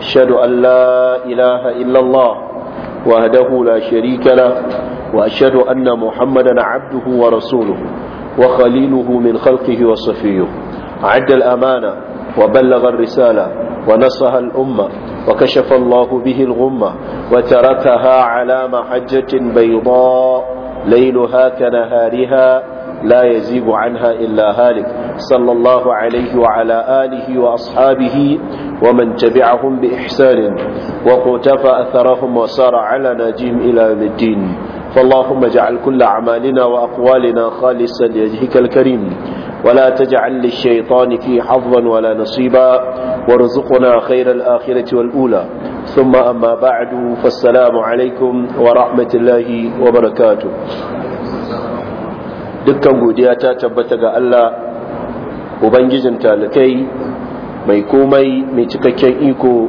أشهد ان لا اله الا الله وهده لا شريك له واشهد ان محمدا عبده ورسوله وخليله من خلقه وصفيه عد الامانه وبلغ الرساله ونصها الامه وكشف الله به الغمه وتركها على محجه بيضاء ليلها كنهارها لا يزيغ عنها إلا هالك صلى الله عليه وعلى آله وأصحابه ومن تبعهم بإحسان وقتفى أثرهم وسار على ناجيم إلى يوم الدين فاللهم اجعل كل أعمالنا وأقوالنا خالصا لوجهك الكريم ولا تجعل للشيطان في حظا ولا نصيبا وارزقنا خير الآخرة والأولى ثم أما بعد فالسلام عليكم ورحمة الله وبركاته dukkan godiya ta tabbata ga Allah ubangijin talikai mai komai mai cikakken iko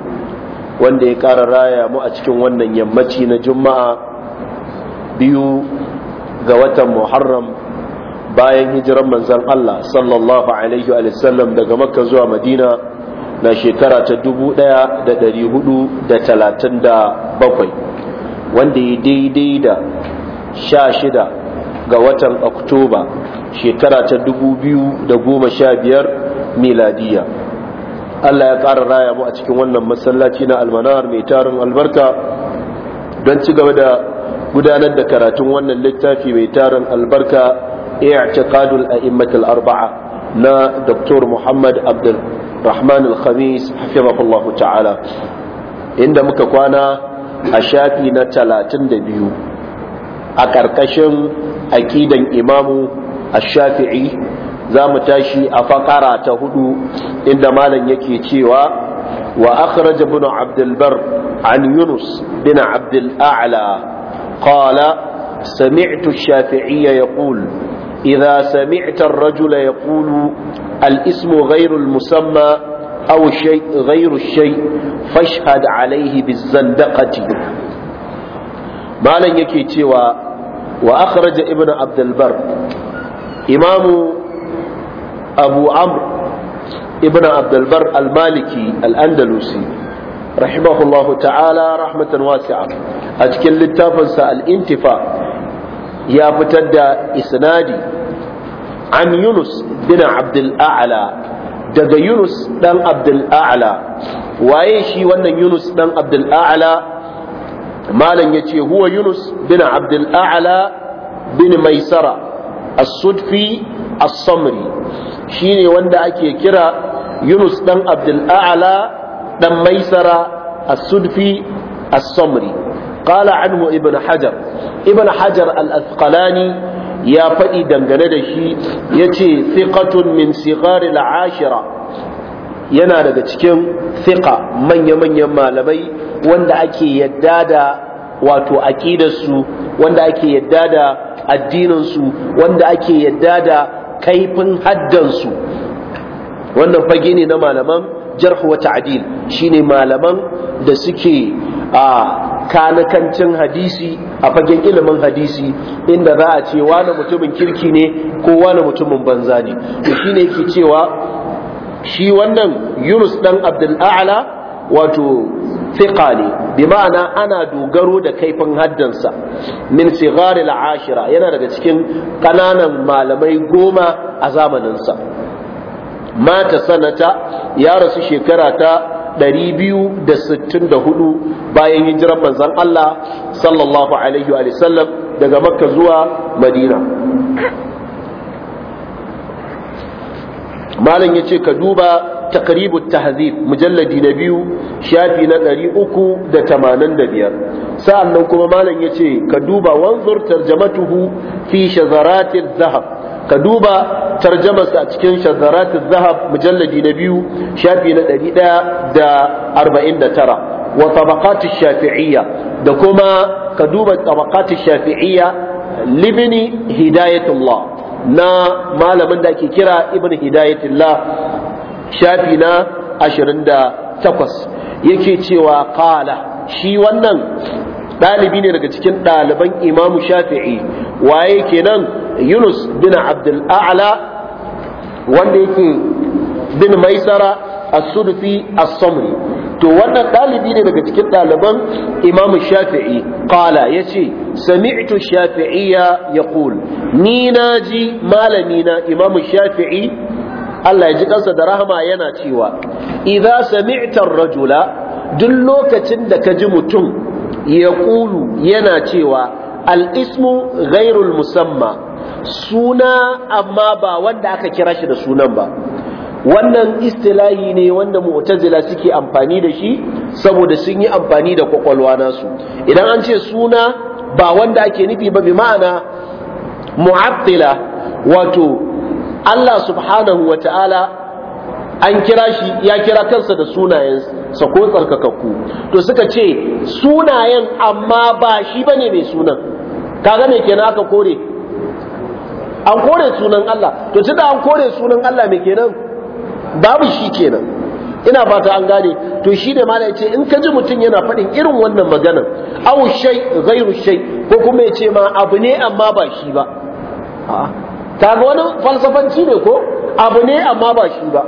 wanda ya ƙara raya mu a cikin wannan yammaci na juma'a biyu ga watan muharram bayan hijiran manzan Allah sallallahu alaihi wa sallam daga makka zuwa madina na shekara ta dubu ɗaya da ɗari hudu da talatin da bakwai wanda ya daidai da sha shida ga watan oktoba shekara ta 2015 miladiya Allah ya ƙara raya mu a cikin wannan masallaci na almanar mai tarin albarka don ci gaba da gudanar da karatun wannan littafi mai tarin albarka i'tiqadul a'immatul arba'a na Dr. Muhammad Abdul Rahman Al-Khamis hafizahullahu ta'ala inda muka kwana a shafi na 32 a ƙarƙashin akidan imamu ash-shafi'i za mu tashi a fakara ta hudu inda malam yake cewa wa akhraj ibn abd al-bar an yunus bin abd al-a'la qala sami'tu yaqul idha sami'ta ar-rajula yaqulu al-ismu ghayru al-musamma aw الشيء ghayru shay' fashhad alayhi biz-zandaqati malam yake cewa wa akhraja ibn abdul bar imamu abu amr ibn abdul bar al-maliki al-andalusi rahimahullahu ta'ala rahmatan wasi'a a cikin littafinsa al-intifa ya fitar da isnadi an yunus bin abdul a'la daga yunus dan abdul a'la waye shi wannan yunus dan abdul a'la malam yace huwa yunus bin abdul a'la bin maisara as-sudfi shine wanda ake kira yunus dan abdul a'la dan maisara as-sudfi as-samri anhu ibn hajar ibn hajar al-asqalani ya faɗi dangane da shi yace thiqatun min sighar al-ashira yana daga cikin fiqa manya-manyan malamai wanda ake yadda da wato aqidarsu wanda ake yadda da addininsu wanda ake yadda da kaifin haddansu wannan fage ne na malaman jarh wa ta'dil shine malaman da suke a kanakancin hadisi a fagen ilimin hadisi inda za a ce wani mutumin kirki ne ko wani mutumin banza ne shi ne ke cewa shi wannan Yunus ɗan Abdul A'la wato thiqa ne bi ma'ana ana dogaro da kaifin haddansa min sigharil ashira yana daga cikin ƙananan malamai goma a zamaninsa mata sanata ya rasu shekara ta 264 bayan hijirar manzon Allah sallallahu alaihi wa sallam daga Makka zuwa Madina malam yace ka duba taqribu tahzib mujalladi na biyu shafi na biyar sa'annan kuma malam yace ka duba wanzur tarjamatuhu fi shazaratin zahab. ka duba tarjamarsa a cikin shazarati dhahab mujalladi na biyu shafi na tara wa tabaqat shafiiyya da kuma ka duba tabaqat shafiiyya libni hidayatullah na malamin da ake kira ibn hidayatullah shafi na 28 yake cewa qala shi wannan dalibi ne daga cikin ɗaliban imamu shafi'i waye kenan yunus bin abdul a'la wanda yake bin maisara as-sudufi as-samri to wannan ɗalibi ne daga cikin ɗaliban imamu shafi'i qala ya ce sami'tu shafi'iya ya qul ni na ji malami na imamu shafi'i Allah ya ji kansa da rahama yana cewa idza sami'ta rajula duk lokacin da ka ji mutum ya ƙulu yana cewa al-ismu musamma suna amma ba wanda aka kira shi da sunan ba wannan istilahi ne wanda mu'tazila suke amfani da shi saboda sun yi amfani da kwakwalwa nasu idan an ce suna ba wanda ake nufi ba bi ma'ana mu'attila wato Allah subhanahu wa ta'ala an kira shi ya kira kansa da sunayen sa, ko tsarkakakku to suka ce sunayen amma ba shi bane mai sunan kaga me kenan aka kore an kore sunan Allah to tunda an kore sunan Allah me kenan babu shi kenan ina fata an gane to shi da mala yace in ka ji mutum yana faɗin irin wannan maganar aw shay ghairu shay ko kuma yace ma abu ne amma ba shi ba ta ga wani falsafanci ne ko abu ne amma ba shi ba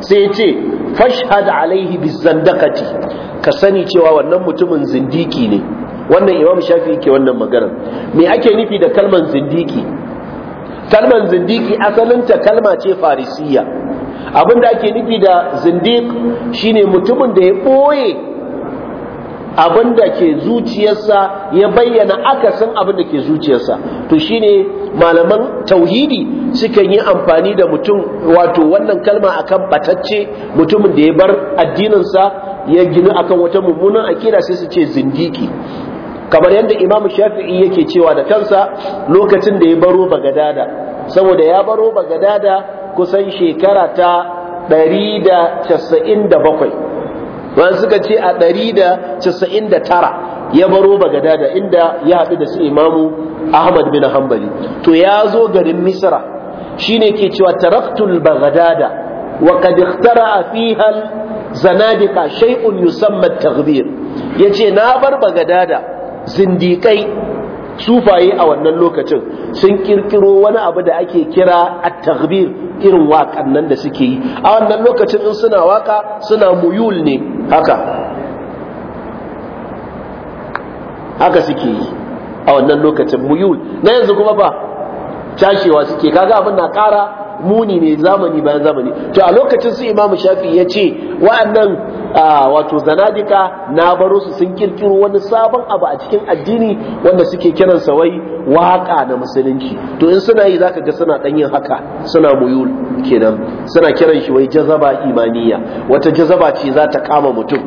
sai yace fashhad alaihi bizandaqati ka sani cewa wannan mutumin zindiki ne wannan imam shafi ke wannan magana. me ake nufi da kalmar zindiki kalmar zindiki asalinta kalma ce farisiyya. abin da ake nufi da zindiq shine mutumin da ya ɓoye abin da ke zuciyarsa ya bayyana akasin abin da ke zuciyarsa to shine malaman tauhidi sukan yi amfani da mutum wato wannan kalma akan batacce mutumin da ya bar addininsa ya ginu akan wata mummunan akida sai su ce zindiki kamar yadda imamu shafi'i yake cewa da kansa lokacin da ya baro bagadada saboda ya baro bagadada kusan shekara ta 197 wani suka ce a 199 ya baro bagadada inda ya haɗu da su imamu ahmad bin hanbali to ya zo garin misra shine ke cewa taraktul bagadada wa kad ikhtara fiha zanadika shay'un yusamma at-taghbir yace na bar bagadada zindiƙai sufaye a wannan lokacin sun kirkiro wani abu da ake kira a tagbir irin wakannan nan da suke yi a wannan lokacin in suna waka suna muyul ne haka haka suke yi a wannan lokacin muyul na yanzu kuma ba cashewa suke kaga abin na ƙara muni ne zamani bayan zamani to a lokacin su imamu shafi ya ce wa'annan wato zanadika na baro su sun kirkiro wani sabon abu a cikin addini wanda suke kiransa wai waka na musulunci to in suna yi zaka ga suna ɗanyin haka suna muyul kenan suna kiran shi wai jazaba imaniya wata jazaba ce za ta kama mutum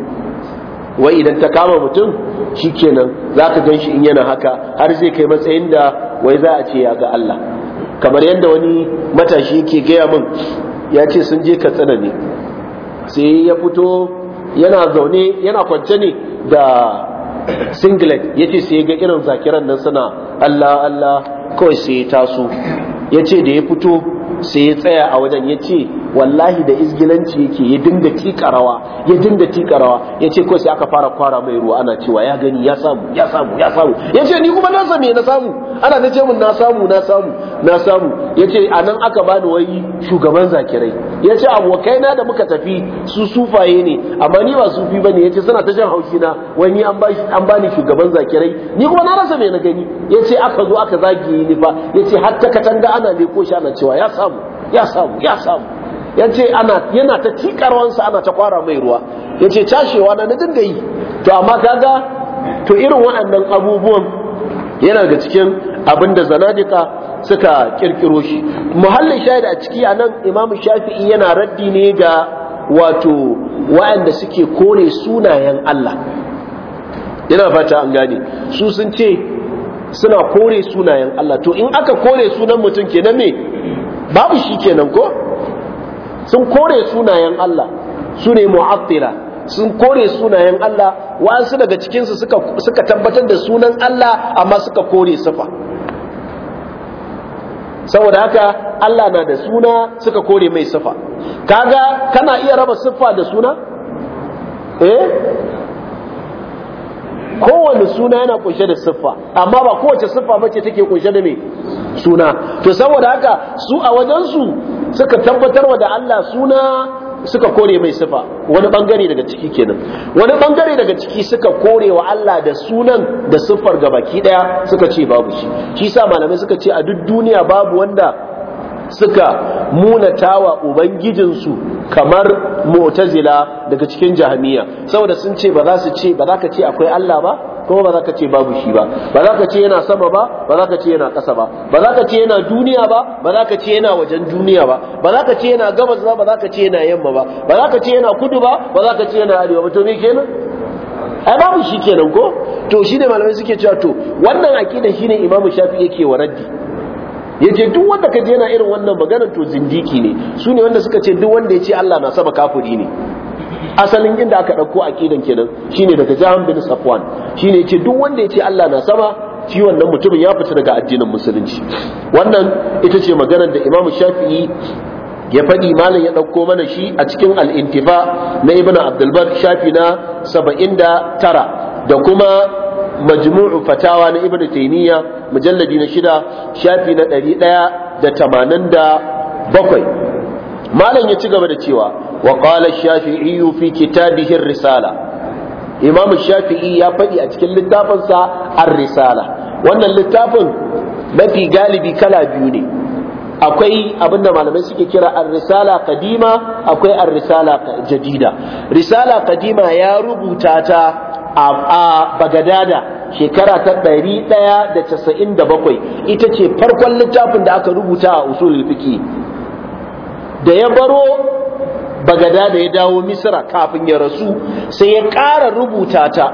wai idan ta kama mutum shikenan zaka gan shi in yana haka har zai kai matsayin da wai za a ce ya ga Allah kamar yadda wani matashi yake gaya min ya ce sun je katsina ne sai ya fito yana zaune yana kwance ne da singlet ya ce sai ga irin zakiran nan suna allah allah kawai sai ya taso ya ce da ya fito sai ya tsaya a wajen ya ce wallahi da izgilanci yake ya dinga tika rawa ya dinga tika rawa ya ce ko sai aka fara kwara mai ruwa ana cewa ya gani ya samu ya samu ya samu ya ce ni kuma na same na samu ana ta ce min na samu na samu na samu ya ce a nan aka bani wai shugaban zakirai ya ce abokaina da muka tafi su sufaye ne amma ni ba sufi ba ne ya ce suna ta jin haushi na wai ni an bani shugaban zakirai ni kuma na rasa me na gani ya ce aka zo aka zagi ni fa ya ce har ta katanga ana leko shi ana cewa ya samu ya samu ya samu ya ce yana ta tikarwansa ana ta kwara mai ruwa ya ce cashewa na na dinga yi to amma kaga to irin waɗannan abubuwan yana ga cikin abin da zanadika suka kirkiro shi muhallin shahid a ciki a nan imam shafi'i yana raddi ne ga wato waɗanda suke kone sunayen Allah Yana fata an gane su sun ce suna kore sunayen Allah to in aka kore sunan mutum kenan me babu shi kenan ko sun kore sunayen Allah su ne mu'attila sun kore sunayen Allah wa'ansu daga cikinsu suka tabbatar da sunan Allah amma suka kore sifa saboda haka Allah na da suna suka kore mai sifa kaga kana iya raba siffa da suna eh kowane suna yana kunshe da siffa amma ba kowace siffa bace take kunshe da mai suna to saboda haka su a wajensu suka tabbatar wa da Allah suna suka kore mai sifa wani bangare daga ciki kenan wani bangare daga ciki suka kore wa Allah da sunan da siffar ga baki daya suka ce babu shi shi sa malamai suka ce a duk duniya babu wanda suka muna munatawa ubangijinsu kamar mu'tazila daga cikin jahamiya saboda sun ce ba za su ce ba za ka ce akwai Allah ba ko ba za ka ce babu shi ba ba za ka ce yana sama ba ba za ka ce yana ƙasa ba ba za ka ce yana duniya ba ba za ka ce yana wajen duniya ba ba za ka ce yana gabas ba ba za ka ce yana yamma ba ba za ka ce yana kudu ba ba za ka ce yana arewa ba to me kenan ai babu shi kenan ko to shi ne malamai suke cewa to wannan aqida shine imamu shafi yake wa raddi duk wanda je yana irin wannan maganar to zindiki ne su ne wanda suka ce duk wanda ya ce Allah na sama kafuri ne asalin inda aka ɗauko aqidan kenan shine daga Jahan bin Safwan shine yace duk wanda yace Allah na sama shi wannan mutumin ya fita daga addinin musulunci wannan ita ce maganar da Imam Shafi'i ya faɗi malam ya ɗauko mana shi a cikin al'intifa na ibn abdulbar shafi na saba'in da kuma majmu'u fatawa na ibn taimiyya mujalladi na shida shafi na ɗari ɗaya da tamanin bakwai malam ya ci gaba da cewa وقال الشافعي في كتابه الرسالة إمام الشافعي يا فدي أتكلم للتافن سا الرسالة وأن اللتافن ما في قالبي كلا بيوني akwai abinda malamai suke kira ar-risala kadima akwai ar-risala jadida risala kadima ya rubuta ta a bagadada shekara ta 197 ita ce farkon littafin da aka rubuta a usulul fiqh da ya baro bagada da ya dawo Misira kafin ya rasu sai ya ƙara rubuta ta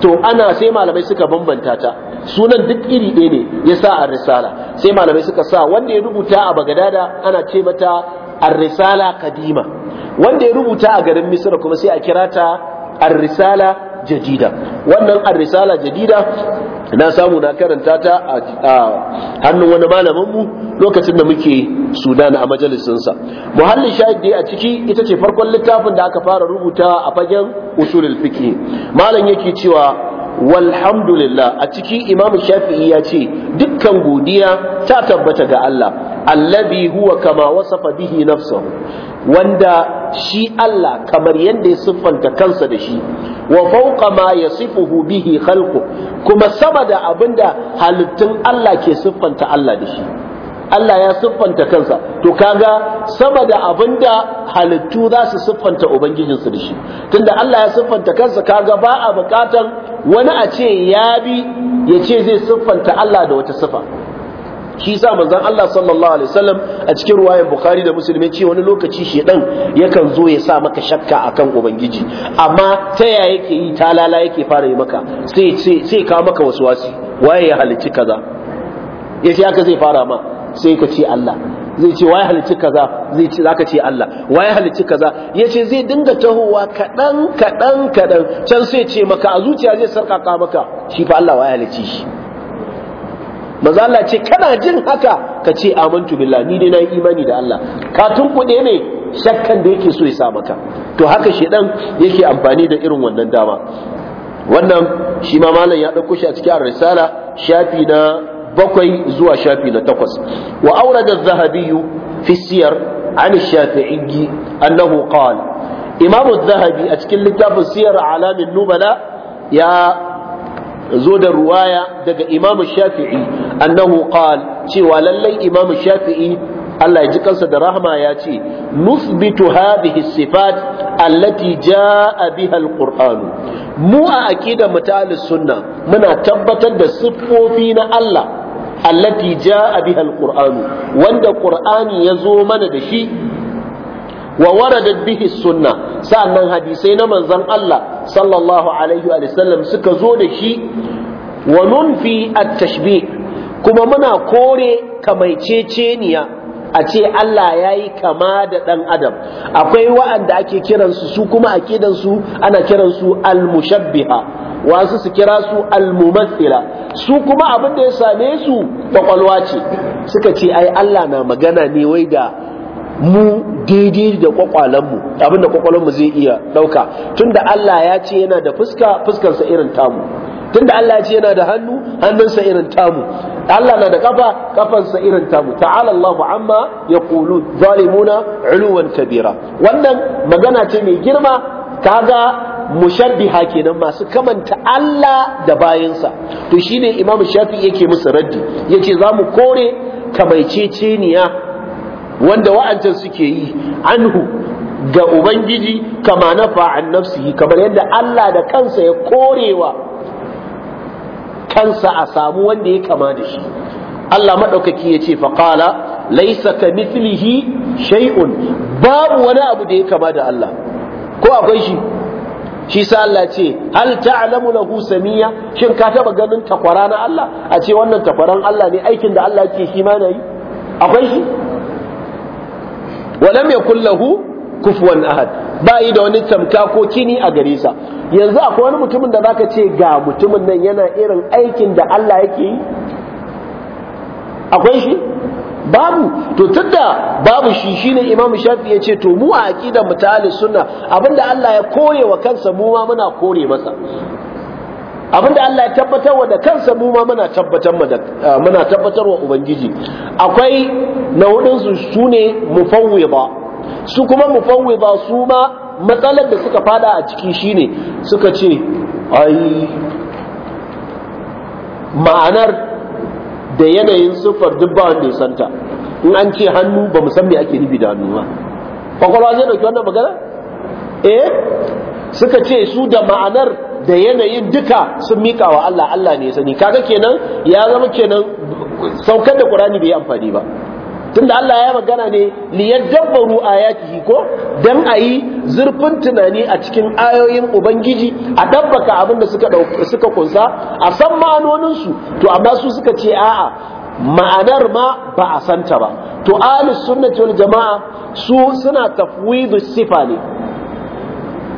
to ana sai malamai suka bambanta ta sunan duk iri ɗaya ne ya sa a risala sai malamai suka sa wanda ya rubuta a bagada da ana ce mata a risala kadima wanda ya rubuta a garin Misira kuma sai a kira ta a risala jadida wannan ar-risala jadida na samu na karanta ta a hannun wani malamin mu lokacin da muke Sudan a majalisin sa muhallin shahid dai a ciki ita ce farkon littafin da aka fara rubuta a fagen usulul fiqh malam yake cewa walhamdulillah a ciki imam shafi'i ya ce dukkan godiya ta tabbata ga Allah allabi huwa kama wasafa bihi nafsahu wanda shi Allah kamar yadda ya siffanta kansa da shi wa fawqa ma yasifuhu bihi khalqu kuma sama da abinda halittun Allah ke siffanta Allah da shi Allah ya siffanta kansa to kaga sama da abinda halittu za su siffanta ubangijinsu da shi tunda Allah ya siffanta kansa kaga ba a bukatan wani a ce ya bi ya ce zai siffanta Allah da wata siffa shi sa manzon Allah sallallahu alaihi wasallam a cikin ruwayan Bukhari da musulmi. ce wani lokaci shedan yakan zo ya sa maka shakka akan ubangiji amma ta ya yake yi talala yake fara yi maka sai sai ka maka wasi waye ya halicci kaza yace haka zai fara ma sai ka ce Allah zai ce waye halicci kaza zai ce zaka ce Allah waye halicci kaza yace zai dinga tahowa kadan kadan kadan can sai ce maka a zuciya zai sarkaka maka shi fa Allah waye halicci shi maza Allah ce kana jin haka ka ce amantu billah ni dai nayi imani da Allah ka tunkuɗe ne shakkan da yake so ya sa maka to haka shedan yake amfani da irin wannan dama wannan shi ma malam ya dauko shi a cikin risala shafi na bakwai zuwa shafi na takwas wa aurada zahabiyu fi siyar an shafi'i annahu qala imamu zahabi a cikin littafin siyar alamin nubala ya zo da ruwaya daga imamu shafi'i annahu qal cewa lallai imamu shafi'i Allah ya ji kansa da rahama ya ce nusbitu hadhihi sifat allati jaa biha alquran mu a mu mutalis sunna muna tabbatar da siffofi na Allah allati jaa biha alquran wanda qur'ani ya zo mana da shi wa waradat bihi sunna sa'annan hadisai na manzon Allah sallallahu alaihi wa sallam suka zo da shi wa nunfi at-tashbih kuma muna kore kamaiceceniya a ce Allah ya yi kama da ɗan adam akwai wa'anda ake kiransu su kuma a kidansu ana kiransu almushabbiha wasu su kira su almumathila su kuma abin da ya same su ƙwaƙwalwa ce suka ce ai Allah na magana ne wai da mu daidai da mu abinda mu zai iya ɗauka tunda Allah ya ce yana da fuska fuskarsa irin tamu tunda Allah ya ce yana da hannu hannunsa irin tamu Allah na da kafa kafansa irin tamu ta'ala Allahu amma yaqulu zalimuna uluwan kabira wannan magana ce mai girma kaga mushabbiha kenan masu kamanta Allah da bayansa to shine Imam Shafi yake musu raddi yace zamu kore kamaiceceniya wanda wa'ancan suke yi anhu ga ubangiji kama nafa an nafsihi kamar yadda Allah da kansa ya korewa kansa a samu wanda ya kama da shi Allah maɗaukaki ya ce faƙala laisa shay'un babu wani abu da ya kama da Allah ko akwai shi shi sa Allah ce hal ta'lamu lahu samiya shin ka taba ganin takwara na Allah a ce wannan takwaran Allah ne aikin da Allah ke shi ma yi akwai shi walam kulle hu? kufuwan ahad ba yi da wani tamka ko kini a gare sa yanzu akwai wani mutumin da zaka ce ga mutumin nan yana irin aikin da Allah yake yi akwai shi babu to tunda babu shi shine Imam Shafi ya ce to mu a aqidar mu suna sunna abinda Allah ya kore wa kansa mu ma muna kore masa abinda Allah ya tabbatarwa da kansa mu ma muna tabbatar muna tabbatarwa ubangiji akwai na hudun su sune mufawwida su kuma mufawwida su ma matsalar da suka fada a ciki shine suka ce ai ma'anar da yanayin siffar dubba wanda ya santa in an ce hannu ba mu san me ake nufi da hannu ba kwakwalwa zai dauki wannan magana eh suka ce su da ma'anar da yanayin duka sun mika wa Allah Allah ne sani kaga kenan ya zama kenan saukar da Qur'ani bai amfani ba tunda Allah ya magana ne liyadabbaru ayatihi ko dan ayi zurfin tunani a cikin ayoyin ubangiji a dabbaka abin da suka suka kunsa a san ma'anonin su to amma su suka ce a'a ma'anar ma ba a santa ba to ahlus sunnati wal jama'a su suna tafwidus sifa ne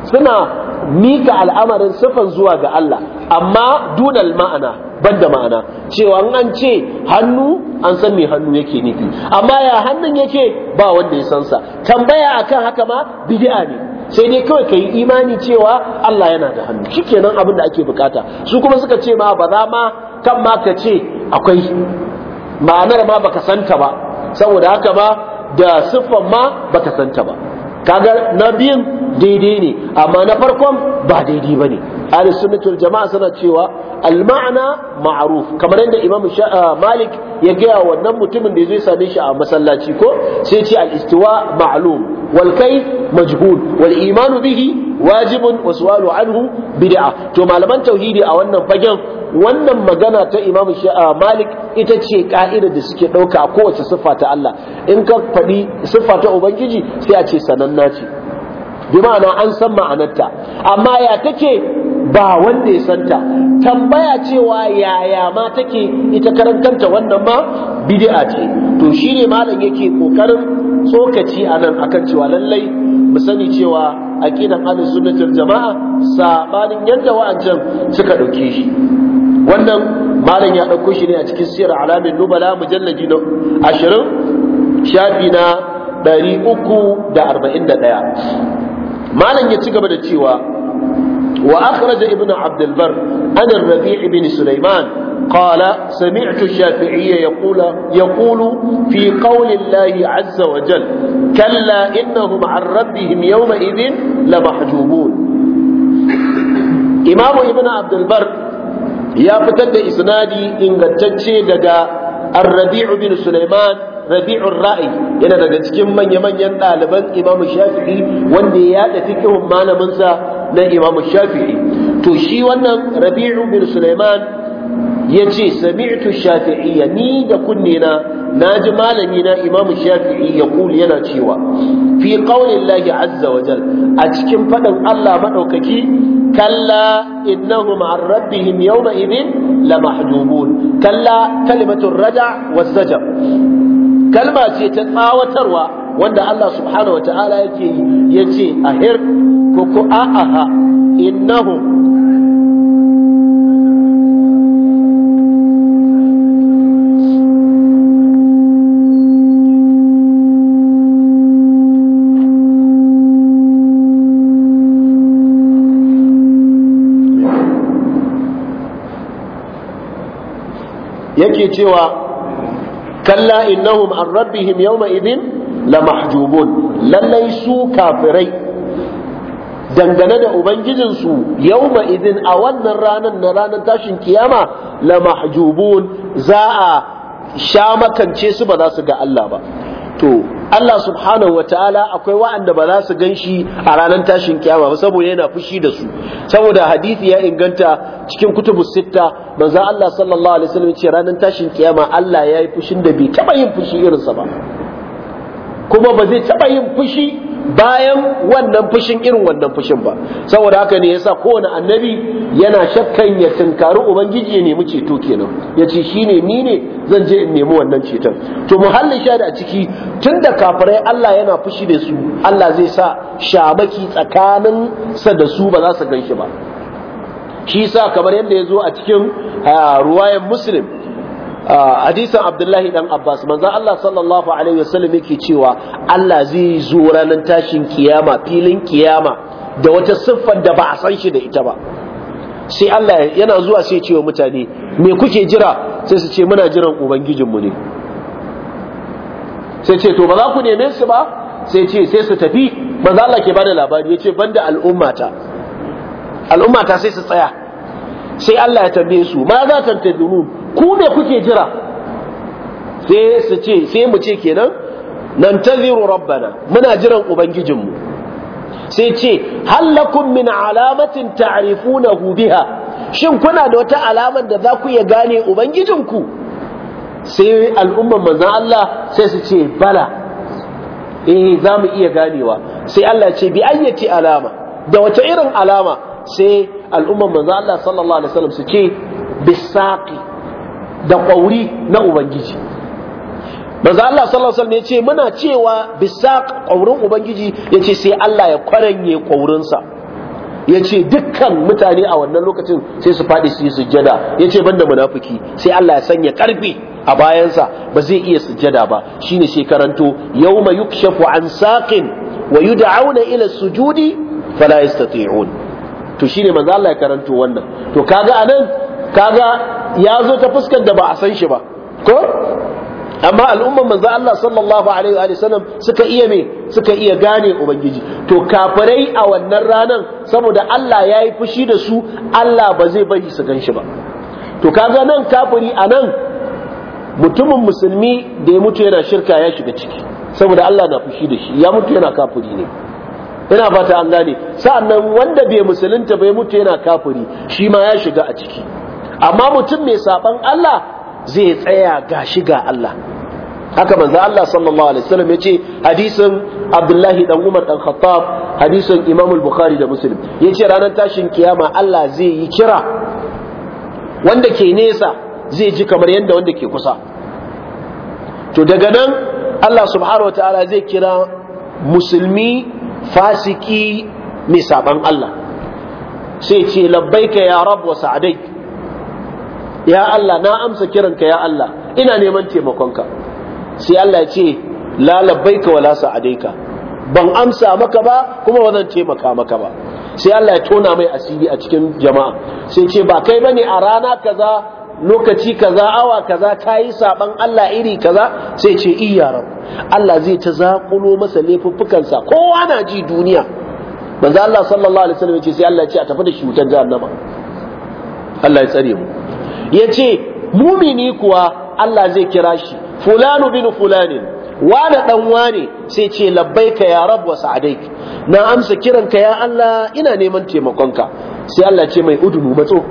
suna mika al'amarin sifan zuwa ga Allah amma dunal ma'ana banda ma'ana cewa an ce hannu an san me hannu yake nufi amma ya hannun yake ba wanda ya san sa tambaya akan haka ma bid'a ne sai dai kawai ka imani cewa Allah yana da hannu shikenan abin da ake bukata su kuma suka ce ma ba za ma kan ma ka ce akwai ma'anar ma baka santa ba saboda haka ba da siffan ma baka santa ba kaga na biyun daidai ne amma na farkon ba daidai ba ne sunnatul jama'a suna cewa al ma'ana kamar yadda imam ah, malik ya gaya wannan mutumin da zai same shi a masallaci ko sai ce al istiwa wal kai majhul wal imanu bihi wajibun wa su'alu anhu bid'a to malaman tauhidi a wannan fagen wannan magana ta imamu ah, malik ita ce ka'idar da suke ɗauka a kowace siffa ta Allah in ka faɗi siffa ta Ubangiji sai a ce sananna ce bi ma'ana an san ma'anarta amma ya take ba wanda ya santa tambaya cewa yaya ma take ita karantanta wannan ma bid'a ce to shine malam yake kokarin tsokaci anan akan cewa lallai mu sani cewa aqidan ahlus wal jama'a sabanin yadda wa'ancan suka dauke shi wannan malam ya dauko shi ne a cikin sirar alamin nubala mujalladi na 20 shafi na 341 malam ya ci gaba da cewa wa akhraja ibnu abd albar an ar-rabi' ibn sulaiman qala sami'tu ash-shafi'iyya yaqulu yaqulu fi qawli allahi azza wa jal kalla innahum 'an rabbihim yawma idhin la mahjubun imam ibn abd albar ya fitar da isnadi ingantacce daga ar-rabi' ibn sulaiman rabi'ur ra'i yana daga cikin manya-manyan ɗaliban imamu shafi'i wanda ya yada fikihun malaminsa na imamu shafi'i to shi wannan rabi'u bin suleiman ya ce sami'tu shafi'iyya ni da kunne na na ji malami na imamu shafi'i ya kuli yana cewa fi ƙaunin lahi azza wa a cikin faɗin allah maɗaukaki kalla innahu ma'ar rabbihim yawma idin la mahdubun kalla kalimatun raja wa zajab kalma ce ta tsawatarwa wanda Allah subhanahu wataala yake yi yace ahir ko ko ku a'aha innahu yake cewa kalla innahum an rabbihim yawma idin la mahjubun lallai su kafirai dangane da ubangijinsu ma idin a wannan ranar na ranar tashin kiyama la mahjubun za a sha makance su ba za su ga Allah ba to Allah subhanahu wa ta'ala akwai wa'anda ba za su gan shi a ranar tashin kiyama ba saboda yana fushi da su saboda hadisi ya inganta cikin kutubu sitta manzo Allah sallallahu alaihi wasallam ce ranar tashin kiyama Allah ya yi fushin da bai taba yin fushi irinsa ba kuma ba zai taɓa yin fushi bayan wannan fushin irin wannan fushin ba saboda haka ne yasa kowane annabi yana shakkan ya tunkari ubangiji ya nemi ceto kenan ya ce shine ni ne zan je in nemi wannan ceton to muhallin shaida a ciki tunda kafirai Allah yana fushi da su Allah zai sa shamaki tsakanin sa da su ba za su gan shi ba shi sa kamar yadda ya zo a cikin ah, ruwayan muslim Ah, hadisin abdullahi dan abbas manza Allah sallallahu alaihi wasallam yake cewa Allah zai zo ranar tashin kiyama filin kiyama da wata siffar da ba a san shi da ita ba sai Allah yana zuwa sai cewa mutane me kuke jira sai su ce muna jiran ubangijinmu ne sai ce to ba za ku neme su ba sai ce sai su tafi manzo Allah ke bada labari yace banda al'ummata al'ummata sai su tsaya sai Allah ya tambaye su ma za ta tadunun ku me kuke jira sai su ce sai mu ce kenan nan taziru rabbana muna jiran ubangijinmu sai ce hallakun min alamatin na biha shin kuna da wata alamar da za ku iya gane ubangijinku sai al'umman manzon Allah sai su ce bala eh za mu iya ganewa sai Allah ce bi ayyati alama da wata irin alama sai al'umman manzon Allah sallallahu alaihi wasallam su ce bisaqi da ƙwauri na ubangiji manzo Allah sallallahu alaihi ce muna cewa bisa ƙwaurin ubangiji Ya ce sai Allah ya kwaranye ƙwaurinsa ce dukkan mutane a wannan lokacin sai su faɗi su yi sujjada yace banda munafuki, sai Allah ya sanya ƙarfi a bayansa ba zai iya sujjada ba shine ne karanto yawma yukshafu an saqin wa yud'auna ila sujudi fala yastati'un to shine manzo Allah ya karanto wannan to kaga anan kaga ya zo ta fuskar da ba a san shi ba ko amma al'umman manzo Allah sallallahu alaihi wa sallam suka iya me suka iya gane ubangiji to kafirai a wannan ranan saboda Allah ya yi fushi da su Allah ba zai bari su gan shi ba to kaga nan kafiri a nan mutumin musulmi da ya mutu yana shirka ya shiga ciki saboda Allah na fushi da shi ya mutu yana kafiri ne ina fata an gane sa'annan wanda bai musulunta bai mutu yana kafiri shi ma ya shiga a ciki amma mutum mai saban Allah zai tsaya gashi ga Allah haka manzo Allah sallallahu alaihi wasallam yace hadisin Abdullahi dan Umar dan Khattab hadisin Imam al-Bukhari da Muslim yace ranar tashin kiyama Allah zai yi kira wanda ke nesa zai ji kamar yadda wanda ke kusa to daga nan Allah subhanahu wataala zai kira musulmi fasiki mai saban Allah sai ce labbaika ya rab wa sa'adai ya Allah na amsa kiranka ya Allah ina neman taimakonka sai Allah ya ce la labbaika wala sa'adaika ban amsa maka ba kuma ba zan taimaka maka ba sai Allah ya tona mai asiri a cikin jama'a sai ce ba kai bane a rana kaza lokaci kaza awa kaza kayi saban Allah iri kaza sai ce iya rab Allah zai ta zakulo masa laifuffukansa kowa na ji duniya manzo Allah sallallahu alaihi wasallam ya ce sai Allah ya ce a tafi da shi wutar jahannama Allah ya tsare mu yace mumini kuwa Allah zai kira shi fulanu bin fulani wane dan wane sai ce ka ya rab wa sa'adaik na amsa kiranka ya Allah ina neman taimakonka sai Allah ce mai udunu matso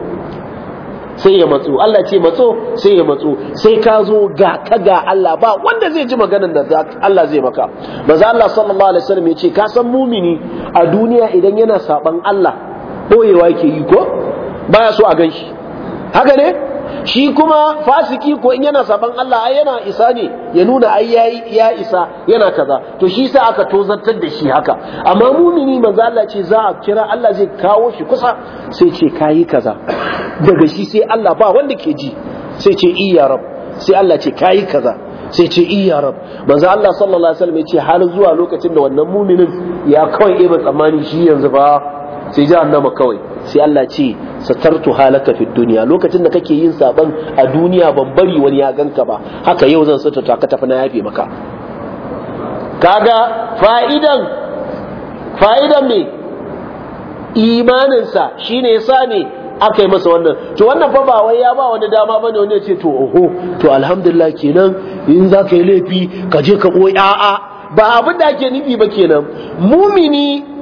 sai ya matso Allah ce matso sai ya matso sai ka zo ga ka ga Allah ba wanda zai ji maganar da Allah zai maka za Allah sallallahu alaihi wasallam ya ce ka san mumini a duniya idan yana saban Allah boyewa yake yi ko baya so a ganshi haka ne shi kuma fasiki ko in yana saban Allah ai yana isa ne ya nuna ai yayi ya isa yana kaza to shi sa aka tozantar da shi haka amma mumini manzo Allah ce za a kira Allah zai kawo shi kusa sai ce kayi kaza daga shi sai Allah ba wanda ke ji sai ce iya rab sai Allah ce kayi kaza sai ce iya rab manzo Allah sallallahu alaihi wasallam ya ce har zuwa lokacin da wannan muminin ya kawai ba tsammani shi yanzu ba sai nama kawai sai Allah ce satartu halaka fi duniya lokacin da kake yin saban a duniya ban bari wani ya ganka ba haka yau zan sutura ta tafi na yafe maka kaga fa'idan fa'idan me imaninsa shine yasa ne aka yi masa wannan to wannan fa ba wai ya ba wani dama bane wani ya ce to oho to alhamdulillah kenan in za ka yi laifi ka je ka boye a'a ba abin da ake nufi ba kenan mumini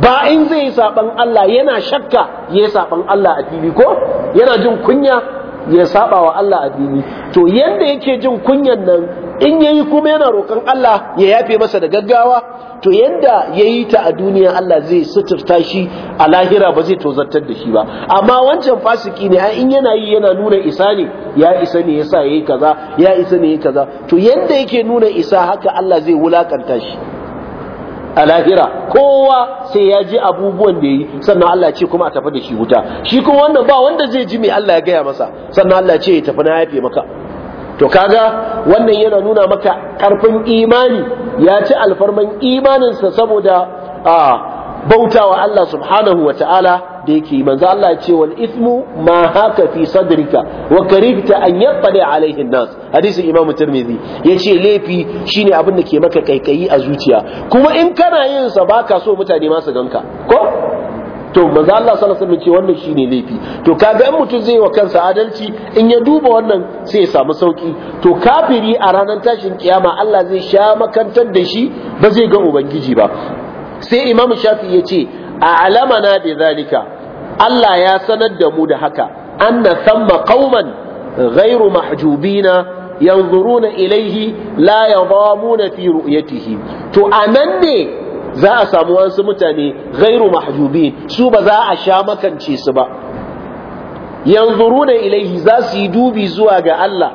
ba in zai yi saban Allah yana shakka ya yi saban Allah a fili ko yana jin kunya ya saba wa Allah a fili to yadda yake jin kunyan nan in ya yi kuma yana roƙon Allah ya yafe masa da gaggawa to yadda ya yi ta a duniya Allah zai suturta shi a lahira ba zai tozartar da shi ba amma wancan fasiki ne in yana yi yana nuna isa ne ya isa ne ya sa ya yi kaza ya isa ne yi kaza to yadda yake nuna isa haka Allah zai wulakanta shi a lahira kowa sai ya ji abubuwan da yi sannan Allah ce kuma a tafi da shi wuta shi kuma wannan ba wanda zai ji mai Allah ya gaya masa sannan Allah ce ya tafi na yafe maka to kaga wannan yana nuna maka karfin imani ya ci alfarman imaninsa saboda a bautawa Allah subhanahu wa ta'ala da yake manzo Allah ya ce wal ismu ma haka fi sadrika wa karibta an yattali alaihi nas hadisin imamu tirmidhi yace laifi shine abin da ke maka kaikayi a zuciya kuma in kana yin sa baka so mutane ma su ganka ko to manzo Allah sallallahu alaihi wasallam ce wannan shine laifi to kaga in mutum zai wa kansa adalci in ya duba wannan sai ya samu sauki to kafiri a ranar tashin kiyama Allah zai sha makantar da shi ba zai ga ubangiji ba sai imamu shafi ya ce a alamana bi zalika Allah ya sanar da mu da haka anna thamma qauman ghairu mahjubina yanzuruna ilaihi la yadamuna fi ru'yatihi to anan ne za a samu wasu mutane gairu mahjubin su ba za a sha makance su ba yanzuruna ilaihi za su yi dubi zuwa ga Allah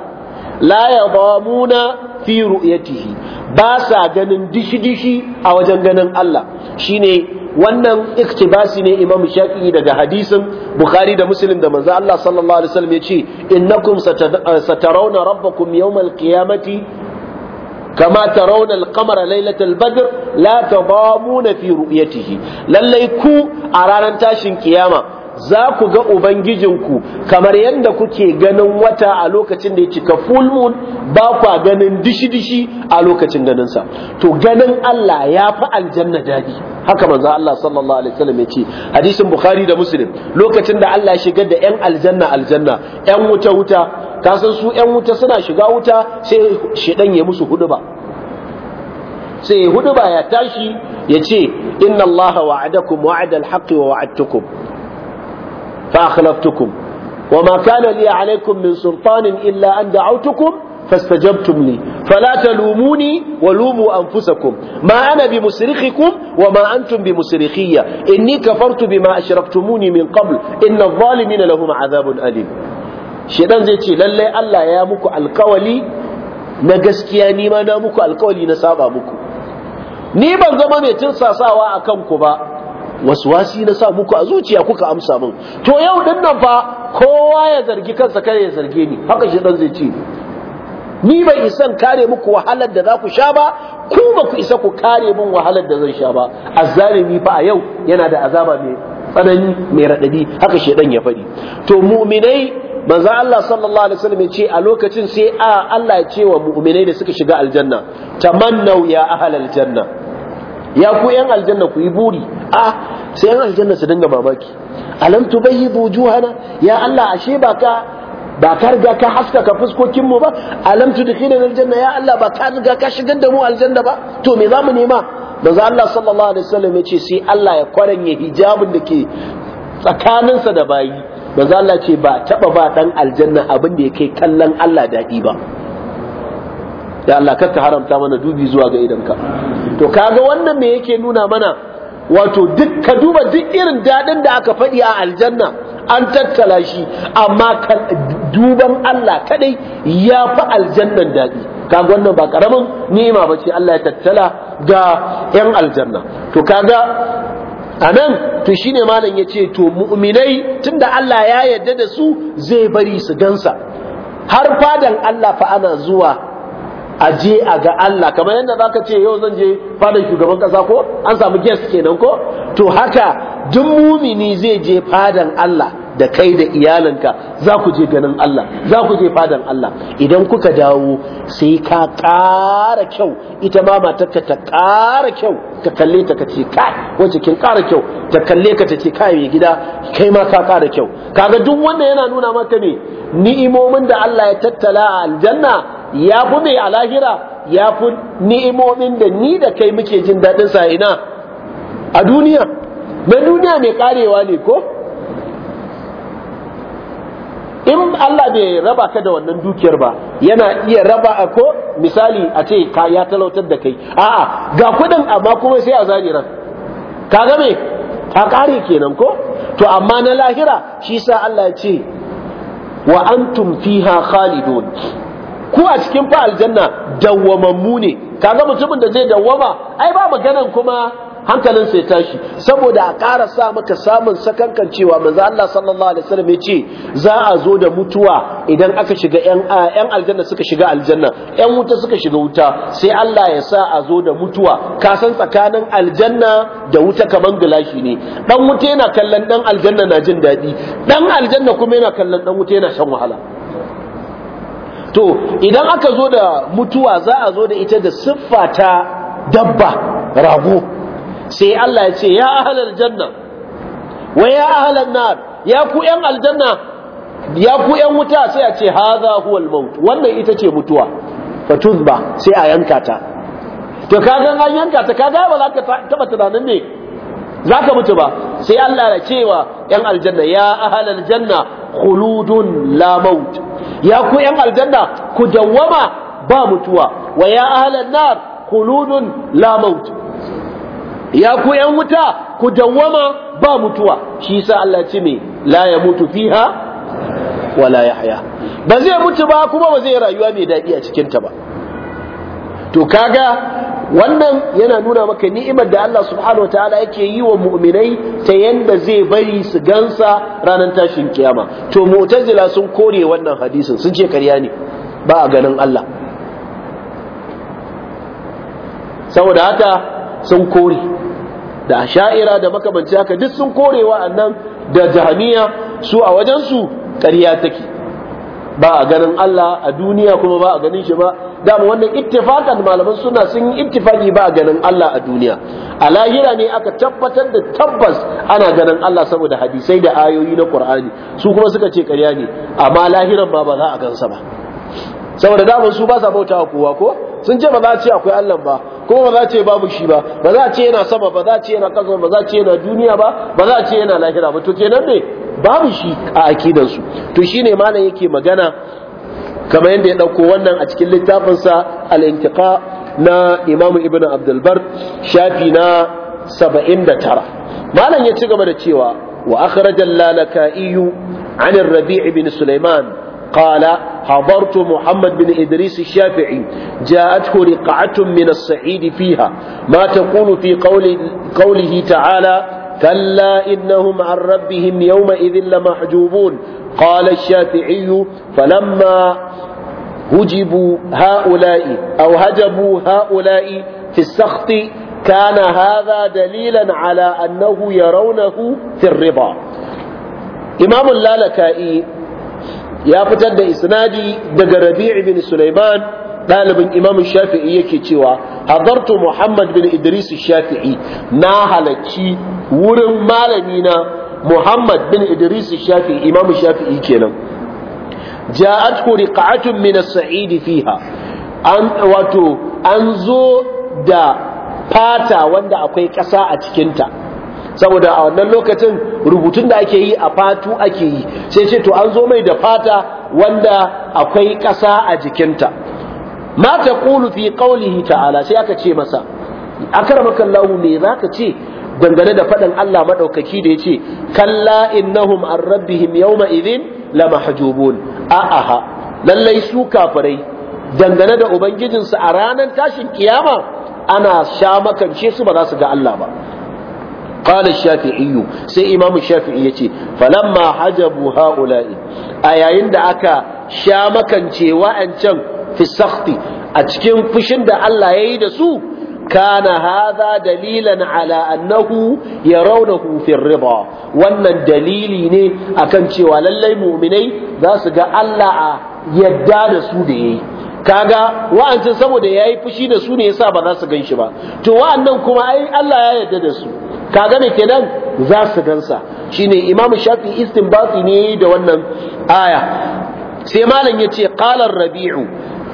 la yadamuna fi ru'yatihi ba sa ganin dishi-dishi a wajen ganin Allah shine wannan iktibasi ne Imam Shafi'i daga hadisin Bukhari da Muslim da manzo Allah sallallahu alaihi wasallam yace innakum satarawna rabbakum yawmal qiyamati كما ترون القمر ليلة البدر لا تضامون lallai ku a ranar tashin كياما za ku ga ubangijinku kamar yadda kuke ganin wata a lokacin da ya cika full moon ba kwa ganin dishi-dishi a lokacin ganinsa to ganin Allah ya fi aljanna daɗi haka manzo Allah sallallahu alaihi wasallam ya ce hadisin bukhari da muslim lokacin da Allah ya shigar da yan aljanna aljanna yan wuta wuta ka san su yan wuta suna shiga wuta sai shedan ya musu hudu ba sai hudu ba ya tashi ya ce inna Allah wa'adakum wa'adal haqqi wa wa'adtukum فأخلفتكم وما كان لي عليكم من سلطان إلا أن دعوتكم فاستجبتم لي فلا تلوموني ولوموا أنفسكم ما أنا بمسرخكم وما أنتم بمسرخية إني كفرت بما أشركتموني من قبل إن الظالمين لهم عذاب أليم شيطان زي تشي للي ألا يا مكو القولي نقسكياني ما نامكو القولي نسابا مكو نيبا ban تنسى mai tinsasawa a waswasi na sa muku a zuciya kuka amsa min to yau din nan fa kowa ya zargi kansa kare ya zarge ni haka shi dan zai ce ni bai isan kare muku wahalar da za ku sha ba ku ba ku isa ku kare min wahalar da zan sha ba azzalimi fa a yau yana da azaba mai tsanani mai radadi haka shedan ya fadi to mu'minai manzo Allah sallallahu alaihi wasallam ya ce a lokacin sai a Allah ya ce wa mu'minai da suka shiga aljanna tamannau ya ahlal janna ya ku yan aljanna ku yi buri ah sai an aljanna su dinga mamaki alam tubayyidu juhana ya Allah ashe ba ka ba ka riga ka haska ka fuskokin mu ba alam tudkhina aljanna ya Allah ba ka riga ka shigar da mu aljanna ba to me zamu nema manzo Allah sallallahu alaihi wasallam ce sai Allah ya kwaranye hijabin da ke tsakaninsa da bayi manzo Allah ce ba taba ba dan aljanna abin da yake kallon Allah dadi ba ya Allah ka haramta mana dubi zuwa ga ka. to kaga wannan me yake nuna mana wato duk ka duba duk irin daɗin da aka faɗi a aljanna an tattala shi amma duban Allah kaɗai ya fi aljannan daɗi kaga wannan ba karamin ni'ima ba ce Allah ya tattala ga 'yan aljanna to kaga a nan to shine malam ya ce to mu'minai tunda Allah ya yarda da su zai bari su gansa har fadan Allah fa ana zuwa a je a ga Allah kamar yadda za ka ce yau zan je fadar shugaban ƙasa ko an samu guest kenan ko to haka duk mumini zai je fadan Allah da kai da iyalinka za ku je ganin Allah za ku je fadan Allah idan kuka dawo sai ka ƙara kyau ita ma matarka ta ƙara kyau ka kalle ta ka ce kai wacce kin ƙara kyau ta kalle ka ta ce kai mai gida kai ma ka ƙara kyau kaga duk wanda yana nuna maka ne ni'imomin da Allah ya tattala a aljanna ya fi mai a lahira ya fi ni'imomin da ni da kai muke jin daɗin sa ina a duniya na duniya mai karewa ne ko in Allah bai raba ka da wannan dukiyar ba yana iya raba a ko misali a ce ka ya talautar da kai a'a ga kudin amma kuma sai a ran ka me ka kare kenan ko to amma na lahira shi sa Allah ya ce wa antum fiha khalidun ku a cikin fa aljanna dawwamammu ne kaga mutumin da zai dawwama ai ba maganan kuma hankalin sai tashi saboda a ƙara sa maka samun sakankan cewa manzo Allah sallallahu alaihi wasallam ya ce za a zo da mutuwa idan aka shiga yan yan aljanna suka shiga aljanna yan wuta suka shiga wuta sai Allah ya sa a zo da mutuwa ka san tsakanin aljanna da wuta kaman gilashi ne dan wuta yana kallon dan aljanna na jin daɗi dan aljanna kuma yana kallon dan wuta yana shan wahala to idan aka zo da mutuwa za a zo da ita da siffa ta dabba rago sai Allah ya ce ya ahlal janna wa ya ahlan nar ya ku yan aljanna ya ku yan wuta sai a ce hadha huwal maut wannan ita ce mutuwa fatuzba sai a yanka ta to kaga an yanka ta kaga ba za ka taba tunanin me za ka mutu ba sai Allah ya cewa yan aljanna ya ahlal janna khuludun la maut ya ku yan aljanna ku dawwama ba mutuwa wa ya ahlan nar khuludun la maut ya ku yan wuta ku dawwama ba mutuwa shi sa Allah ce me la yamutu fiha wala yahya ba zai mutu ba kuma ba zai rayuwa mai daɗi a cikin ta ba to kaga wannan yana nuna maka ni'imar da Allah subhanahu wataala yake yi wa mu'minai ta yanda zai bari su gansa ranar tashin kiyama to mu'tazila sun kore wannan hadisin sun ce karya ne ba a ganin Allah saboda haka sun kore da asha'ira da makamanci haka duk sun kore wa'annan da jahamiya su a wajensu ƙarya take ba a ganin Allah a duniya kuma ba a ganin shi ba dama wannan ittifakan malaman suna sun yi ittifaki ba a ganin Allah a duniya a lahira ne aka tabbatar da tabbas ana ganin Allah saboda hadisai da ayoyi na Qur'ani su kuma suka ce ƙarya ne amma lahiran ba ba za a gansa ba saboda dama su ba sa bauta kowa ko sun ce ba za a ce akwai Allah ba kuma ba za a ce babu shi ba ba za a ce yana sama ba za a ce yana ƙasa ba za a ce yana duniya ba ba za a ce yana lahira ba to kenan ne babu shi a akidansu to shine malam yake magana kamar yadda ya ɗauko wannan a cikin littafinsa al na imamu ibn abdulbar shafi na saba'in da tara malam ya ci gaba da cewa wa akhrajan lalaka'iyu عن rabi بن sulaiman قال حضرت محمد بن إدريس الشافعي جاءته رقعة من الصعيد فيها ما تقول في قول قوله تعالى كلا إنهم عن ربهم يومئذ لمحجوبون قال الشافعي فلما هجبوا هؤلاء أو هجبوا هؤلاء في السخط كان هذا دليلا على أنه يرونه في الرضا إمام اللالكائي يا فتد إسنادي دق ربيع بن سليمان ɗalibin imam shafi'i yake cewa hadartu muhammad bin idris shafi'i na halacci wurin malami na muhammad bin idris shafi'i imam shafi'i kenan ja'atku riqa'atun min as-sa'id fiha an wato an zo da fata wanda akwai ƙasa a cikinta saboda a wannan lokacin rubutun da ake yi a fatu ake yi sai ce to an zo mai da fata wanda akwai ƙasa a jikinta ma Kulu fi qawlihi ta'ala sai aka ce masa akramaka Allah me zaka ce dangane da faɗan Allah maɗaukaki da ya ce, Kalla innahum an rabbihim yawma idhin la mahjubun ha, lallai su kafirai dangane da ubangijinsu a ranar tashin kiyama ana sha makance su ba za su ga Allah ba قال الشافعي سي امام الشافعي يتي فلما حجبوا هؤلاء yayin da aka sha an can. fi sakhti a cikin fushin da Allah yayi da su kana hadha dalilan ala annahu yarawnahu fi riba wannan dalili ne akan cewa lallai mu'minai za su ga Allah a yadda da su da yayi kaga wa'ancin saboda yayi fushi da su ne yasa ba za su ganshi ba to wa'annan kuma ai Allah ya yarda da su kaga ne kenan za su gansa shine imamu shafi istinbati ne da wannan aya sai malam yace qala rabi'u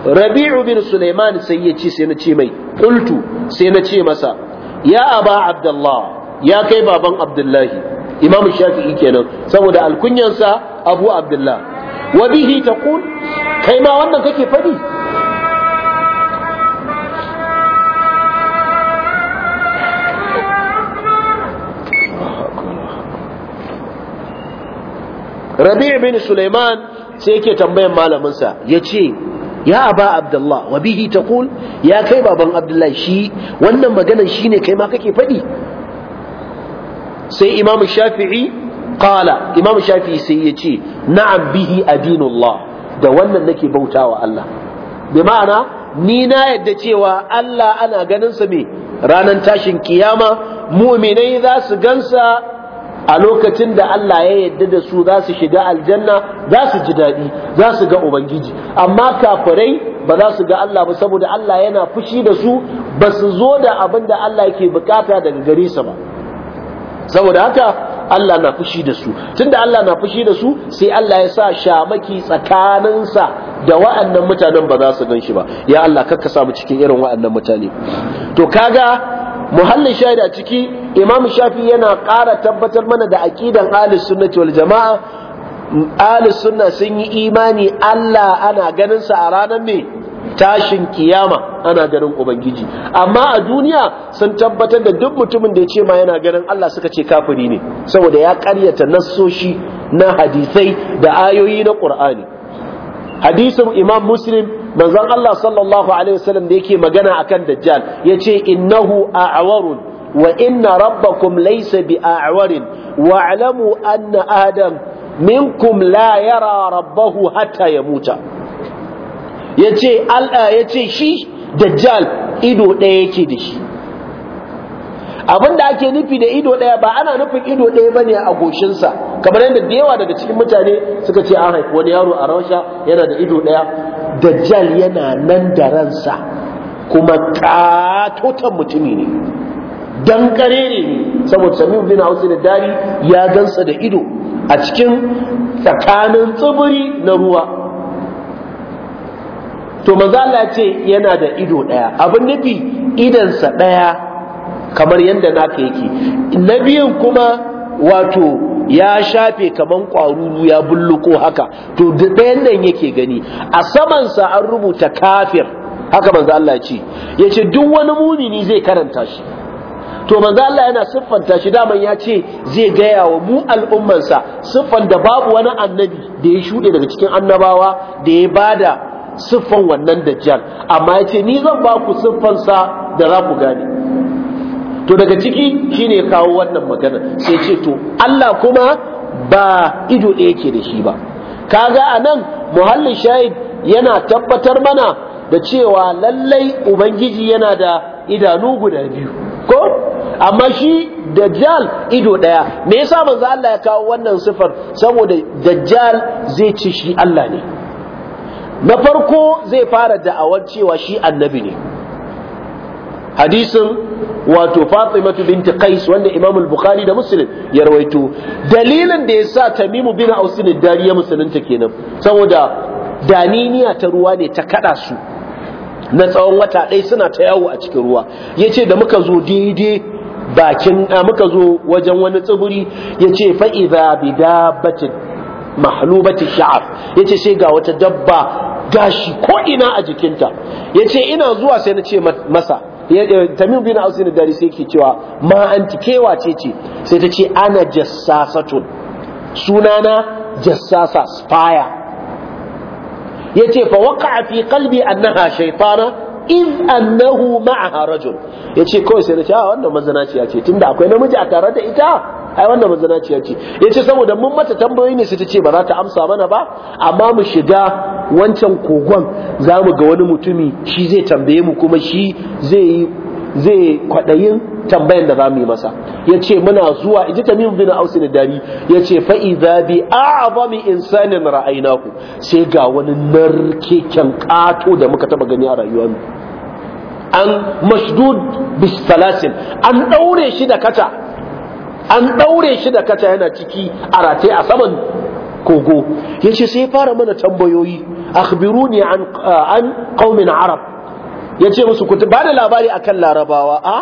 rabi'u bin Sulaiman sai ya ce sai na ce mai qultu sai na ce masa ya aba abdullah ya kai baban abdullahi imam shafi'i kenan saboda alkunyansa abu abdullah wa bihi taqul kai ma wannan kake fadi Rabi'u bin Sulaiman sai yake tambayan malaminsa ya ce ya aba abdullah wa bihi taqul ya kai baban abdullahi shi wannan maganan shine kai ma kake faɗi sai imamu shafi'i qala imamu shafi'i sai ya ce na'am bihi adinullah da wannan nake bautawa Allah bi ma'ana ni na yadda cewa Allah ana ganin sa me ranan tashin kiyama mu'minai za su gansa a lokacin da Allah ya yarda da su za su shiga aljanna za su ji daɗi za su ga ubangiji amma kafirai ba za su ga Allah ba saboda Allah yana fushi da su ba su zo da abin da Allah yake bukata daga gare sa ba saboda haka Allah na fushi da su tunda Allah na fushi da su sai Allah ya sa shamaki tsakaninsa da wa'annan mutanen ba za su gan shi ba ya Allah kakka sa mu cikin irin wa'annan mutane to kaga muhallin shaida ciki imam shafi yana ƙara tabbatar mana da aqidan ahlus sunnati wal jama'a ahlus sunna sun yi imani Allah ana ganin sa a ranar me tashin kiyama ana ganin ubangiji amma a duniya sun tabbatar da duk mutumin da ya ce ma yana ganin Allah suka ce kafiri ne saboda ya ƙaryata nassoshi na hadisai da ayoyi na Qur'ani hadisin imam muslim manzon Allah sallallahu alaihi wasallam da yake magana akan dajjal yace innahu a'warun wa inna rabbakum laysa bi'awarin wa'lamu anna adam minkum la yara rabbahu hatta yamuta yace Allah yace shi dajjal ido ɗaya yake da shi abin da ake nufi da ido ɗaya ba ana nufin ido ɗaya bane a goshinsa kamar yadda da yawa daga cikin mutane suka ce an haifi wani yaro a rausha yana da ido ɗaya dajjal yana nan da ransa kuma katotan mutumi ne dan kare ne saboda sami bin hausa da dari ya gansa da ido a cikin tsakanin tsibiri na ruwa to maza Allah ce yana da ido ɗaya abin nufi idansa ɗaya kamar yadda naka yake na biyun kuma wato ya shafe kamar ƙwaruru ya bulluko haka to ɗayan nan yake gani a samansa an rubuta kafir haka manzo Allah ce ya ce duk wani muni mumini zai karanta shi to manzo Allah yana siffanta shi daman ya ce zai gaya wa mu al'ummansa siffan da babu wani annabi da ya shuɗe daga cikin annabawa da ya bada siffan wannan da dajjal amma ya ce ni zan ba ku siffansa da za ku gane to daga ciki shine kawo wannan magana sai ce to Allah kuma ba ido ɗaya ke da shi ba kaga anan muhallin shahid yana tabbatar mana da cewa lallai ubangiji yana da idanu guda biyu ko amma shi dajjal ido ɗaya. me yasa manzo Allah ya kawo wannan sifar saboda dajjal zai ci shi Allah ne na farko zai fara da'awar cewa shi annabi ne hadisin wato Fatimatu binti Qais wanda Imam al-Bukhari da Muslim ya rawaito dalilin da yasa Tamimu bin Aus ne dariya musulunta kenan saboda daniniya ta ruwa ne ta kada su na tsawon wata ɗaya suna ta yawo a cikin ruwa yace da muka zo daidai bakin muka zo wajen wani tsibiri yace fa idza bidabatin mahlubati sha'af yace sai ga wata dabba gashi ko ina a jikinta yace ina zuwa sai na ce masa tamim bin ausin dari sai ke cewa ma anti kewa ce ce sai ta ce ana jassasatun sunana jassasa spaya yace fa a fi qalbi annaha shaytana in annahu ma'aha rajul yace kawai sai nace a ah, wannan mazanaciya ce tunda akwai namiji a tare da ita ai wannan mazanaciya ce yace saboda mun mata tambayoyi ne sai ta ce ba za ta amsa mana ba amma mu shiga wancan kogon za mu ga wani mutumi shi zai tambaye mu kuma shi zai zai kwadayin tambayan da zamu yi masa yace muna zuwa ita ta min bin ausin dari yace ce fa'iza bi a'zami insanin naku, sai ga wani narkeken kato da muka taba gani a rayuwarmu an mashdud bis salasin an daure shi da kata an daure shi da kata yana ciki a rataye a saman kogo yace sai fara mana tambayoyi akhbiruni an an qaumin arab yace musu ku ba da labari akan larabawa a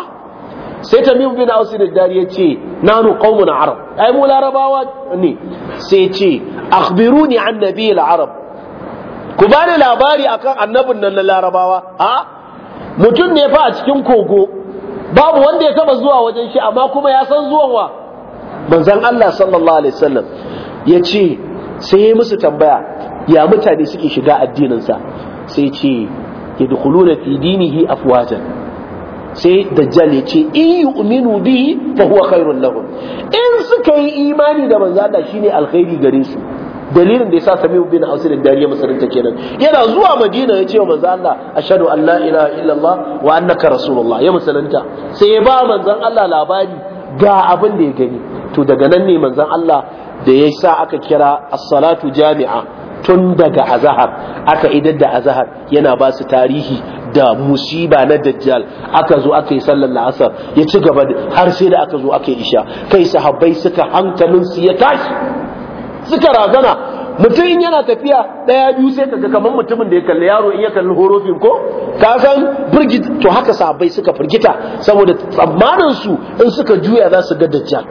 sai tamim bin ausin dari yace nanu qaumun arab ai mu larabawa ne sai yace akhbiruni an nabiyil arab ku ba da labari akan annabin nan na larabawa a mutum ne fa a cikin kogo babu wanda ya taba zuwa wajen shi amma kuma ya san zuwan wa manzon Allah sallallahu alaihi wasallam ya ce sai ya musu tambaya ya mutane suke shiga addininsa sai ce yadkhuluna fi dinihi afwajan sai dajjal ya ce in yu'minu bihi fa huwa khairul lahum in suka yi imani da manzon Allah shine alkhairi gare su dalilin da yasa sami'u bin Ausir dari dariya musulunta kenan yana zuwa Madina ya ce wa ashadu Allah ashhadu an la ilaha illallah wa annaka rasulullah ya musulunta sai ya ba manzon Allah labari ga abin da ya gani to daga nan ne manzon Allah da ya sa aka kira as-salatu jami'a tun daga azahar aka idar da azahar yana ba su tarihi da musiba na dajjal aka zo aka yi sallar la'asar ya ci gaba har sai da aka zo aka yi isha kai sahabbai suka hankalin su ya tashi suka razana mutum in yana tafiya ɗaya biyu sai kaga kamar mutumin da ya kalli yaro in ya kalli horofin ko ka san firgit to haka sabai suka firgita saboda tsammanin su in suka juya za su ga dajjal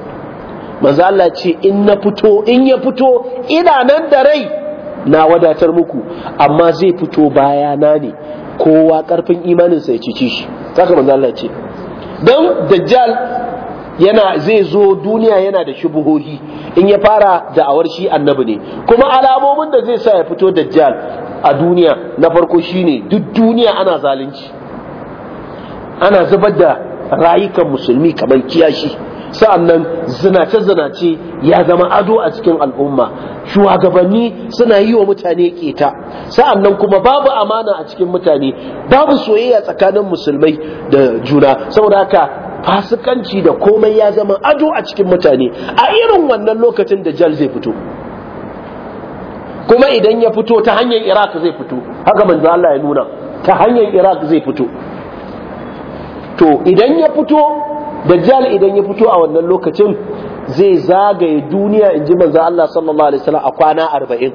manzo Allah ce in na fito in ya fito ina nan da rai na wadatar muku amma zai fito baya na ne kowa karfin imanin sa ya cici shi saka manzo Allah ce dan dajjal yana zai zo duniya yana da shubuhohi in ya fara da'awar shi annabi ne kuma alamomin da zai sa ya fito dajjal a duniya na farko shine duk duniya ana zalunci ana zubar da rayukan musulmi kamar kiyashi sa'annan zinace-zinace ya zama ado a cikin al'umma shugabanni suna yi wa mutane keta sa'annan kuma babu amana a cikin mutane babu soyayya tsakanin musulmai da juna saboda haka fasikanci da komai ya zama ado a cikin mutane a irin wannan lokacin da jal zai fito kuma idan ya fito ta hanyar iraq zai fito haka manzo Allah ya nuna ta hanyar iraq zai fito to idan ya fito da Jal idan ya fito a wannan lokacin zai zagaye duniya in ji manzo Allah sallallahu alaihi wasallam a kwana arba'in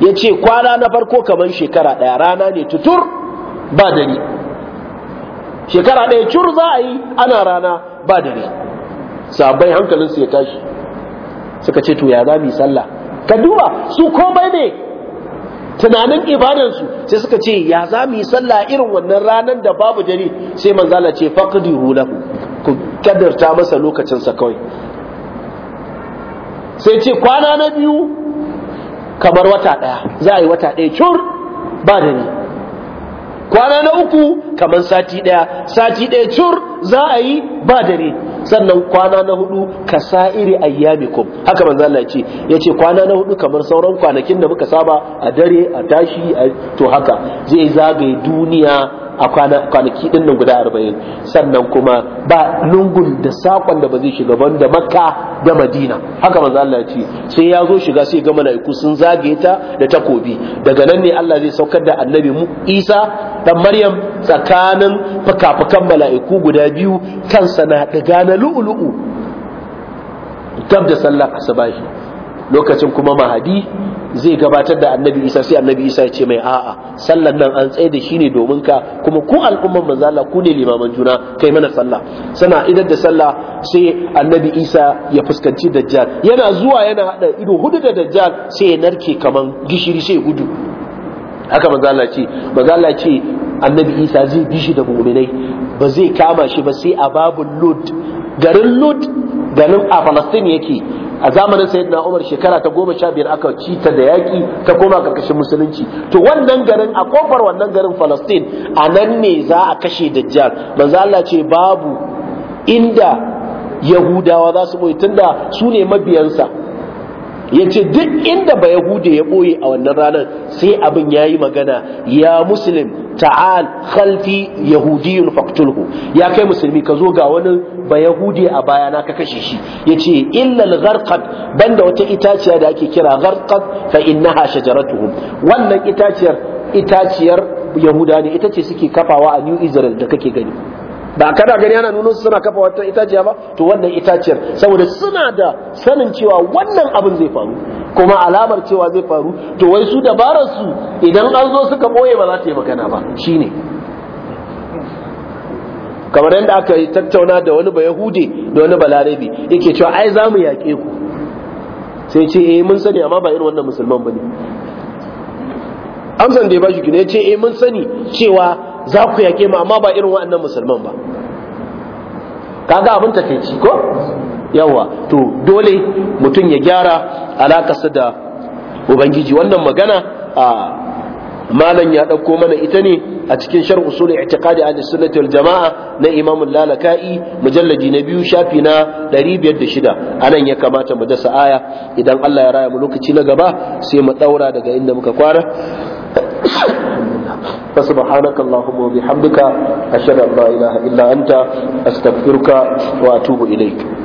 ya ce kwana na farko kamar shekara ɗaya rana ne tutur ba dare shekara ɗaya cur za a yi ana rana ba dare sabai hankalinsu ya tashi suka ce to ya za mu yi sallah ka duba su komai ne tunanin ibadansu sai suka ce ya za mu yi sallah irin wannan ranar da babu dare sai manzala ce faqdiru lahu ku kadarta masa lokacinsa kawai sai ce kwana na biyu kamar wata ɗaya za a yi wata ɗaya cur ba dare kwana na uku kamar sati ɗaya sati ɗaya cur za a yi ba dare sannan kwana na hudu ka sa'iri ayyamikum haka manzo Allah ce yace kwana na hudu kamar sauran kwanakin da muka saba a dare a tashi a to haka zai zagaye duniya a kwanaki din nan guda arba'in sannan kuma ba lungun da sakon da ba zai shiga ban da makka da madina haka manzo Allah ce sai ya zo shiga sai ga mala'iku sun zagaye ta da takobi daga nan ne Allah zai saukar da annabi mu Isa dan Maryam tsakanin fuka-fukan mala'iku guda biyu kansa na ɗiga na lu'ulu'u gab da sallar asubahi lokacin kuma mahadi zai gabatar da annabi isa sai annabi isa ya ce mai a'a sallan nan an tsaye da shi ne domin ka kuma ku al'ummar manzala ku ne limaman juna kai mana sallah sana idan da sallah sai annabi isa ya fuskanci dajjal yana zuwa yana hada ido hudu da dajjal sai ya narke kaman gishiri sai gudu haka manzo Allah ce manzo Allah ce annabi Isa zai bi shi da mu'minai ba zai kama shi ba sai a babul lud garin lud garin a Palestine yake a zamanin sayyidina Umar shekara ta goma sha biyar aka ci ta da yaki ta koma karkashin musulunci to wannan garin a kofar wannan garin Palestine a nan ne za a kashe Dajjal manzo Allah ce babu inda Yahudawa za su boye tunda su ne mabiyansa ya ce duk inda ba yahude ya ɓoye a wannan ranar sai abin ya yi magana ya musulun ta'al khalfi yahudiyun faktulhu ya kai musulmi ka zo ga wani ba yahude a bayana ka kashe shi ya ce illal gharqad banda wata itaciya da ake kira gharqad fa innaha jaratuhu. wannan itaciyar itaciyar yahuda ne ita ce suke kafawa a new israel da kake gani ba kada gani ana nuna suna kafa wata itaciya ba to wannan itaciyar saboda suna da sanin cewa wannan abin zai faru kuma alamar cewa zai faru to wai su dabarar su idan an zo suka boye ba za ta yi magana ba shine kamar yadda aka yi tattauna da wani bayahude da wani balarabi yake cewa ai za mu yaƙe ku sai ce eh mun sani amma ba irin wannan musulman bane amsan da ya bashi gina ya ce eh mun sani cewa za ku yake mu amma ba irin wa'annan musulman ba kaga abin takeici ko yawa to dole mutum ya gyara alakarsa da ubangiji wannan magana a malam ya dauko mana ita ne a cikin shar usul i'tiqadi ahli sunnati wal jama'a na imam lalaka'i mujalladi na biyu shafi na 506 anan ya kamata mu dasa aya idan Allah ya raya mu lokaci na gaba sai mu daura daga inda muka kwana fa subhanaka allahumma wa bihamdika ashhadu an la ilaha illa anta astaghfiruka wa tubu ilaik